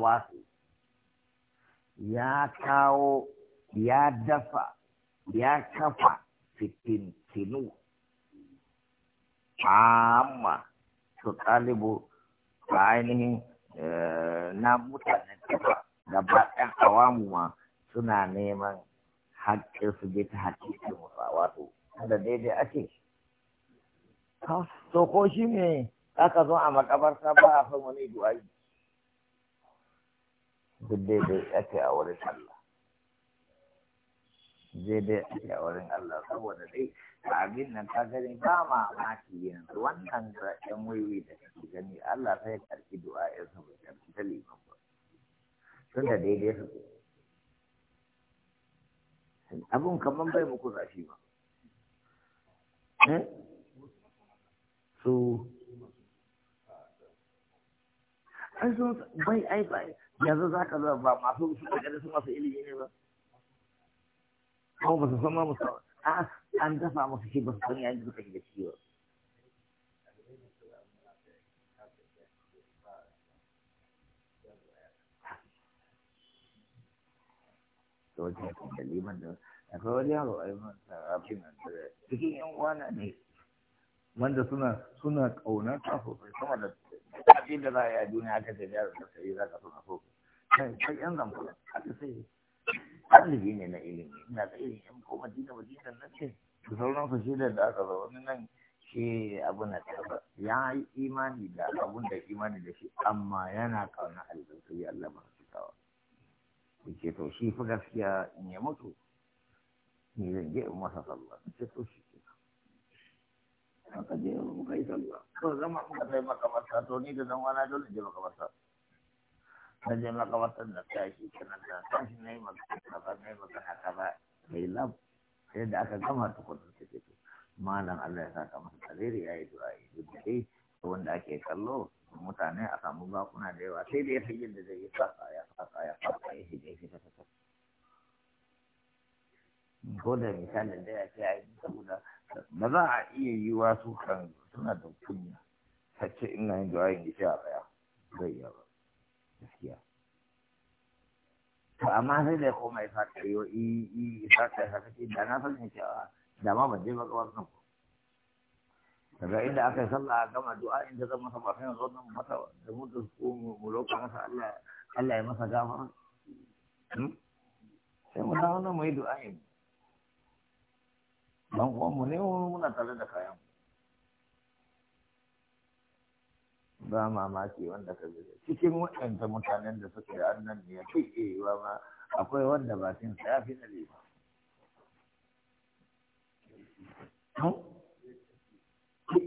wasu ya kawo ya dafa ya kafa fitintinu amma su ɗalibu ta ainihin eh, na mutane kafa gaba ɗan awamu ma suna neman haƙƙin su ta haƙƙin musa wato da daidai ake to ko shi ne aka zo a makabarta ba a san wani du'ai duk daidai ake a wurin Allah dai ake a wurin Allah saboda dai abin nan ta gani ba mamaki yanzu wannan da yan wiwi da kake gani Allah sai ya karki du'a ya saboda karki ta liman ba tun da daidai su abun kamar bai muku zafi ba eh? so an bai ai bai yanzu za ka zaba ba masu su da su masu ilimi ne ba kuma ba su san ma musu a an dafa musu shi ba su san yayin da suka shiga ciki ba akwai wani yaro a yi masa da cikin yan ne wanda suna suna ƙaunar ta sosai sama da abin da za a yi a duniya ta ce yaro da sai za ka suna sosai kai yan zamfara haka sai ɗalibi ne na ilimi ina da irin yan ko madina madina na ce da sauran su shi da aka zo wani nan shi abu na taba ya yi imani da abun da imani da shi amma yana kauna albarka ya Allah ba su kawo ce to shi fi gaskiya in ya mutu ni zan je in masa sallah ce to shi ke haka je muka yi sallah to zama muka kai makamarta to ni da zan wana dole je makamarta na je makawatar da tashi kanan da tashi na yi magana kaza na yi magana mai lab sai da aka gama tukunan ta ce malam Allah ya saka masa tsariri ya yi du'a'i duk da dai wanda ake kallo mutane a samu bakuna da yawa sai da ya fi da zai yi saka ya saka ya saka ya shiga ya fita ta ko da misali da ya ce a yi saboda ba za a iya yi wa kan suna da kunya sace ina yin du'a'in da shi a tsaya zai yi ba gaskiya to amma sai da komai fata yo i i fata ka kace da na san cewa da ma ban je ba kawar nan daga inda aka sallah gama du'a inda ta zama sabba sai zo nan mata da mu su mu roƙa masa Allah Allah ya masa gafara hmm? sai mu dawo nan mu yi du'a yi ban kuwa mu ne muna tare da kayan mu ba mamaki wanda ka zai cikin waɗanda mutanen da suke da annan ne ya fi iya ma akwai wanda ba sin sa fi tsare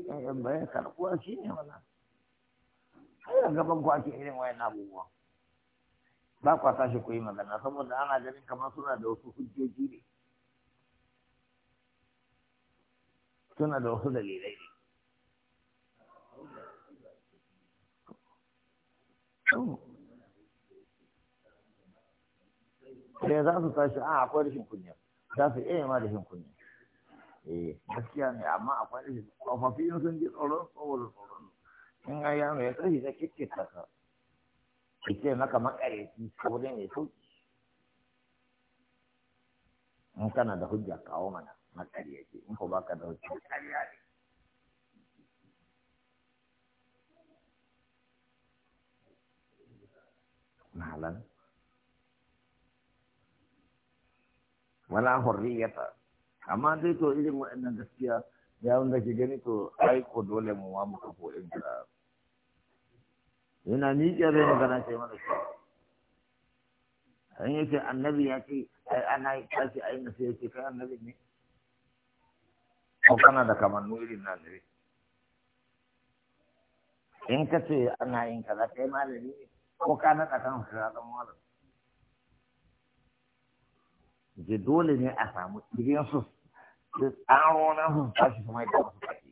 ba yan bayan karkuwa shi ne wannan sai a gaban ku ake irin wayan abubuwa ba kwa tashi ku yi magana saboda ana ganin kamar suna da wasu hujjoji ne suna da wasu dalilai ne za su tashi a akwai rashin kunya za su iya ma rashin kunya eh gaskiya ne amma akwai rashin tsofaffi in sun ji tsoron saboda tsoron in ga ya tsaye da kikkita ka ike maka makareci saboda ne sauki in kana da hujja kawo mana makareci in ko baka wala hurriyata amma dai to irin waɗannan gaskiya ya wanda ke gani to ai ko dole mu wa muka ko in da yana miƙe zai magana sai mana shi an yake annabi ya ce ai ana yi kashi ai na sai yake kai annabi ne ko kana da kamannu irin na ne. in ka ce ana yin kaza kai malami ne ko ka naɗa kan shi zama malami je dole ne a samu cikin su su tsaro na su tashi kuma yadda su tashi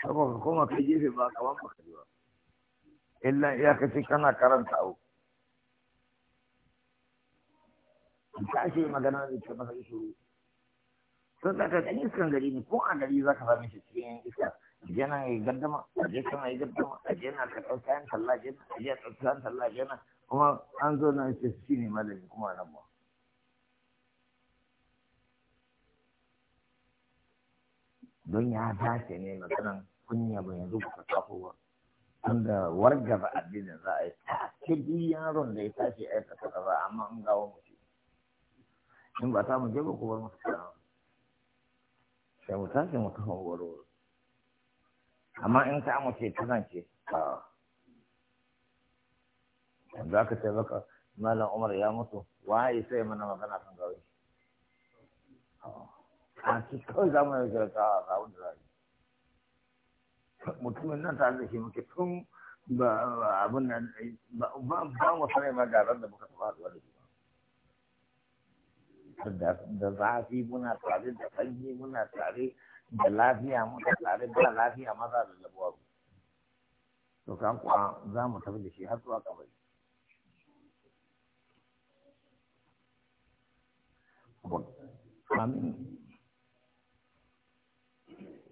saboda kuma kai gefe ba kaman ba kaji ba illa iyakaci kana karanta abu tashi magana zai ce masa ishuru sun da kan iskan gari ne ko a gari za ka sami shi cikin iska je na yi gaddama a je kana yi gaddama a je na ka ɗauki kayan talla je a je na ɗauki kayan talla je na kuma an zo na ce shi ne malami kuma nan ba don ya dace ne maganan kunya ba yanzu ba kafo ba wanda warga ba addinin za a yi ta duk yaron da ya tashi a yaka kaza ba amma an gawo mu ce in ba ta mu je ba ku bar musu kana sai mu tashi mu tafi wuri amma in ta mu ce kasance a ah, yanzu aka ce maka malam umar ya mutu waye sai mana magana kan gawai ah, a ki kawai za mu yi a ga wanda za mutumin nan ta zai muke tun ba abin nan ba mu sanai ma garan da muka taɓa haɗuwa da shi da zafi muna tare da sanyi muna tare da lafiya muna tare da lafiya maza da labuwa to kan kuwa za mu tafi da shi har zuwa kabari amin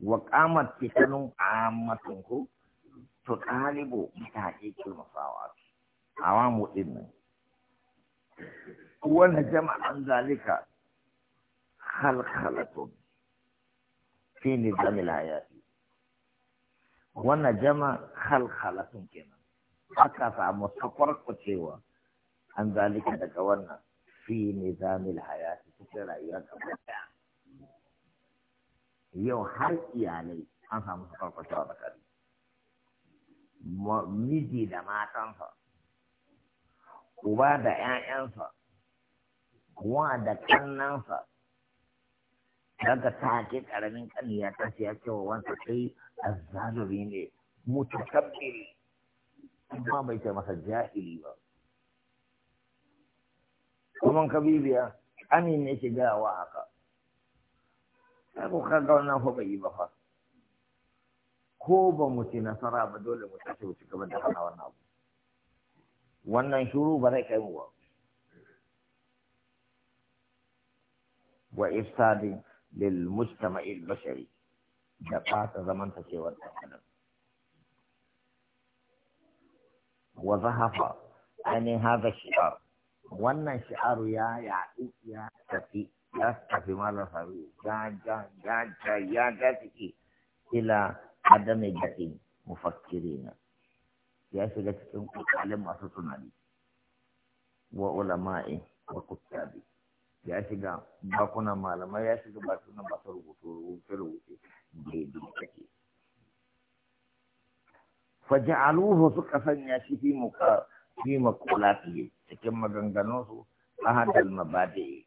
wa qamat fitanun ammatun ku to talibu ta hakiki masawa awamu din nan wannan jama'an zalika khalkhalatun fi nizamil hayati wannan jama khalkhalatun kenan aka samu cewa an zalika daga wannan fi nizamil hayati cikin rayuwa gaba yau har iyalai an samu su wa tsakani miji da matansa uba da 'ya'yansa kuma da kannansa daga take karamin kaniya ta ce ya cewa wansa sai azzaluri ne mutakabbiri amma bai ce masa jahili ba kuma ka bibiya amin ne ke gaya wa haka sai ku wannan fa bai yi ba fa ko ba mu ci nasara ba dole mu tashi mu ci gaba da hana wannan abu wannan shuru ba zai kai mu ba wa ifsadi lil mujtama'il bashari da ɓata zamantakewar ɗan adam wa zahafa ainihin hada shi'ar wannan shi'aru ya yaɗu ya tafi ya tafi mana faru ya ja ya ja ya ga ciki ila adami gaɗi na ya shiga cikin kokalin masu tunani wa ulama'i wa kuttabi ya shiga bakunan malamai ya shiga bakunan masu rubutu da rubuce daidai take faja'aluhu suka sanya shi fi muka fi fiye. cikin maganganunsu ahadal mabadi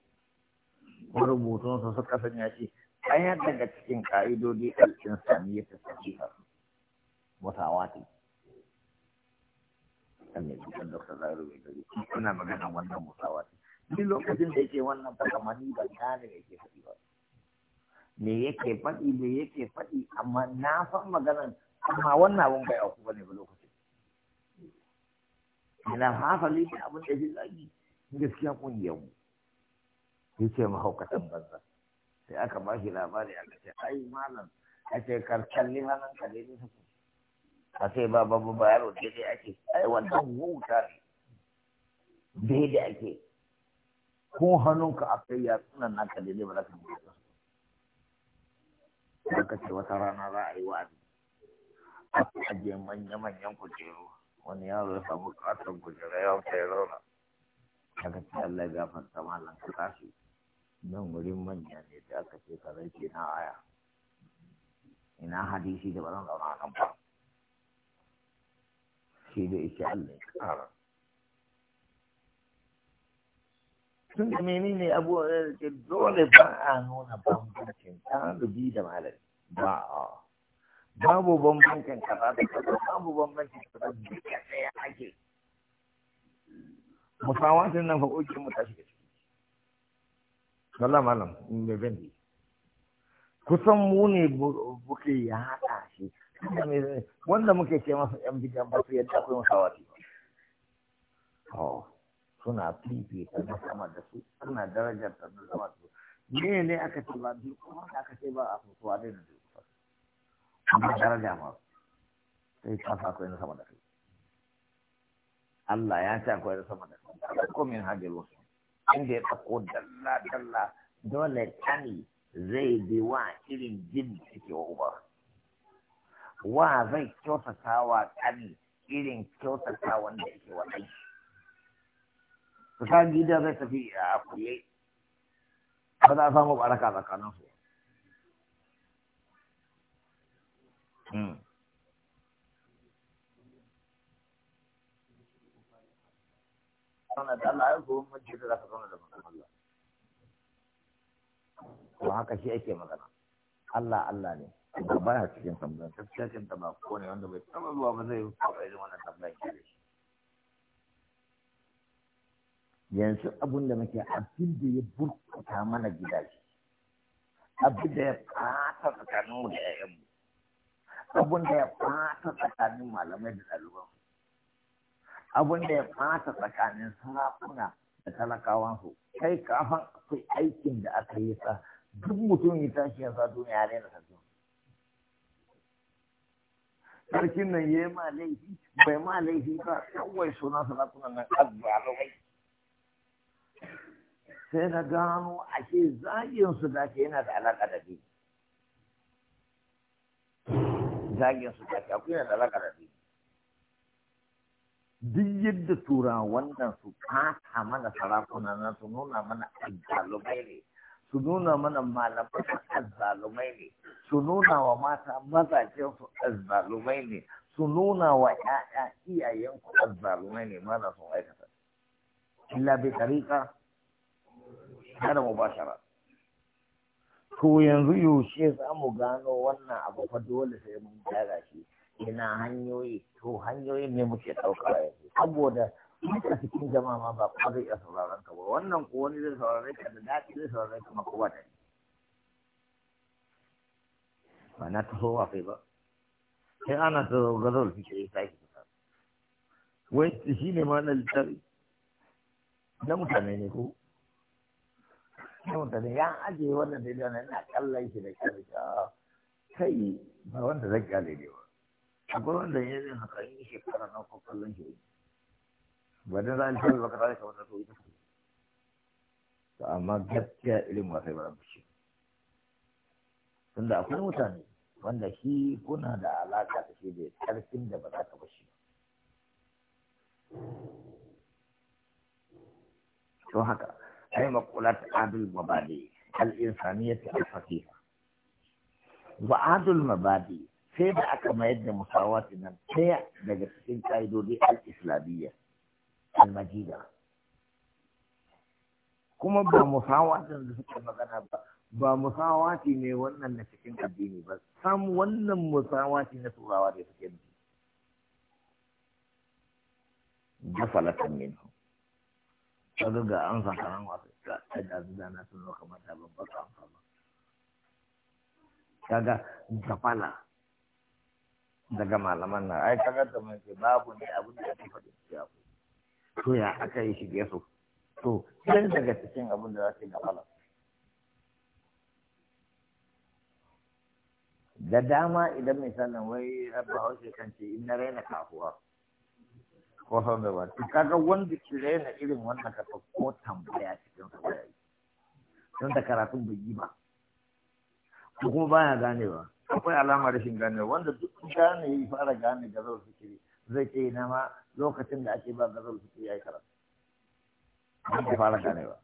marubutunsu suka sanya shi ɗaya daga cikin ƙa'idodi al'insaniya ta sahiha mutawati sannan cikin dokta zaru mai gari kuna magana wannan mutawati ni lokacin da yake wannan fakamani ban gane da yake faɗi ba me yake faɗi me yake faɗi amma na san maganan amma wannan abun bai auku bane ba lokacin yana hafali da abin da shi zagi gaskiya kungiyar mu ya ce mahaukatan banza sai aka ba shi labari a ce ai malam a ce karkalli hannun ka ne nisa ku a sai ba babu bayar yaro daidai ake ai wannan wuta ne daidai ake ko ka a kai ya tsunan nan ka daidai ba za ka mutu aka ce wata rana za a yi wa'azi a ajiye manya-manyan kujeru wani yaro ya samu katon gujira ya wuce ya rauna aka ce Allah ya gafarta malam ka tashi nan wurin manya ne da aka ce ka zai ce na aya ina hadisi da ba zan zauna nan ba shi da ishe Allah ya kara tun da menene abubuwan da dole ba a nuna bambancin ɗan rubi da malami ba a babu bambancin kaza da kaza babu bambancin kaza duka ɗaya ake musawatin nan fa ƙoƙin mu tashi da ciki sallah malam in bai bin kusan mu ne buke ya haɗa shi wanda muke ce masa yan bidan ba su yadda akwai musawati ba oh, suna fifita na sama da su suna darajar ta na sama da su ne ne aka ce ba biyu kuma aka ce ba a fusuwa da biyu ba daraja ba sai ka akwai na sama da kai Allah ya ce akwai na sama da kai ko min hajji wasu inda ya ɗauko dalla dalla dole kani zai bi wa irin jin da suke wa uba wa zai kyautata wa kani irin kyautata wanda yake wa ɗan shi gida zai tafi a kuye ba za a samu baraka tsakaninsu Hmm. Allah ya gobe haka shi ake magana. Allah Allah ne. Ba ya cikin tambayin, gaskiya cin ta ba ko ne wanda bai taba zuwa ba zai yi irin wannan tambayar shi. Yanzu abin da muke abin da ya burkuta mana gidaje. Abin da ya fata tsakanin mu da 'ya'yanmu. abun da ya fata tsakanin malamai da ɗaliban abun da ya fata tsakanin sarakuna da talakawan su kai kafan akwai aikin da aka yi sa duk mutum ya tashi ya sa duniya ya na sarkin sarkin nan ya yi ma laifi bai ma laifi ba kawai suna sarakuna nan azzalumai sai na gano ake zagin su da yana da alaƙa da biyu zagin su ta kyaku yana da lagara ne. duk yadda tura wannan su kasa mana sarakuna na su nuna mana azzalumai ne su nuna mana malamai azzalumai ne su nuna wa mata mazajen su azzalumai ne su nuna wa yaya iyayen ku azzalumai ne mana sun aikata illa bai tarika, kada mu mubashara ko yanzu yaushe za mu gano wannan abu fa dole sai mun gyara shi ina hanyoyi to hanyoyin ne muke ɗauka yanzu saboda a cikin jama'a ma ba kuma zai iya sauraron ka ba wannan ko wani zai sauraron ka da daɗi zai sauraron ka maka ba ne. ba na taso wa kai ba sai ana ta gazar fi ke sai ki fita wai shi ne ma na littafi na mutane ne ko yawan ta ya ajiye wannan da yana na kallon shi da kyau kai ba wanda zai gane ne ba akwai wanda ya zai haka yi shekara na ko kallon shi ba dan zan ce ba ka tare ka wata to ita to amma gaskiya irin wasai ba ba shi tunda akwai mutane wanda shi kuna da alaka da shi da karfin da ba za ka bashi to haka أي al عاد المبادئ الإنسانية الفقيرة وعاد المبادئ sai da aka mayar da musawati nan ɗaya daga cikin ƙa'idodi al-islamiyya al-majida kuma ba musawatin da suke magana ba ba musawati ne wannan na cikin addini ba sam wannan musawati na turawa da suke da gafalatan minhu kaga ga an sakaran wasu ta da zuga na sun roka mata babbar amsa ba kaga zafala daga malaman na ai kaga da mai babu ne abin da ake faɗi ya ku to ya aka yi shige su to sai daga cikin abin da za su gafala da dama idan misalin wai rabba hausa kan ce in na raina kafuwa Ko wasan da ba kaga wanda ki raina irin wannan ka ko tambaya cikin sa da don da karatun bai yi ba ko kuma baya ba. akwai alamar rashin ganewa wanda duk gane ya fara gane gazar fikiri zai ce na ma lokacin da ake ba gazar fikiri ya yi karatu don ya fara ba.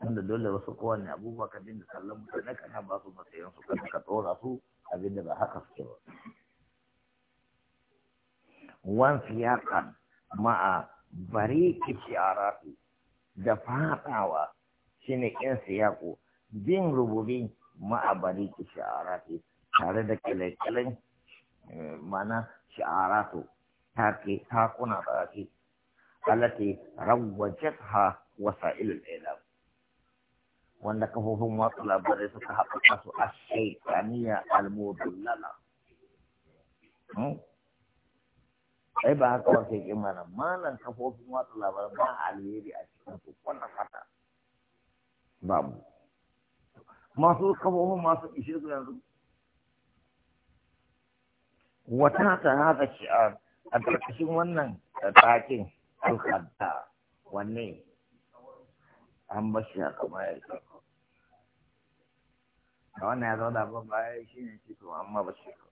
wanda dole wasu kowane abubuwa ka dinga kallon mutane kana ba su matsayin su kana ka tsora su abinda ba haka suke ba wan kan ma'a bari ki da fatawa shi ne ƴan siyaƙo bin rububi ma'a bari ki tare da kyalakyalin eh, mana shi'aratu ta ke takuna da ake alati rawajet ha wasa ilil ilam wanda kafofin watsa labarai suka haɓaka su a shaitaniya almodullala hmm? ai ba haka wata yake mana malan kafofin watsa labarai ba alheri a cikin su wannan fata babu masu kafofin masu ishe su yanzu wata ta haka shi a ƙarƙashin wannan takin alƙadda wanne an ba shi haka ma ya yi a wannan ya zama da ba ya yi shi ne to amma ba shi haka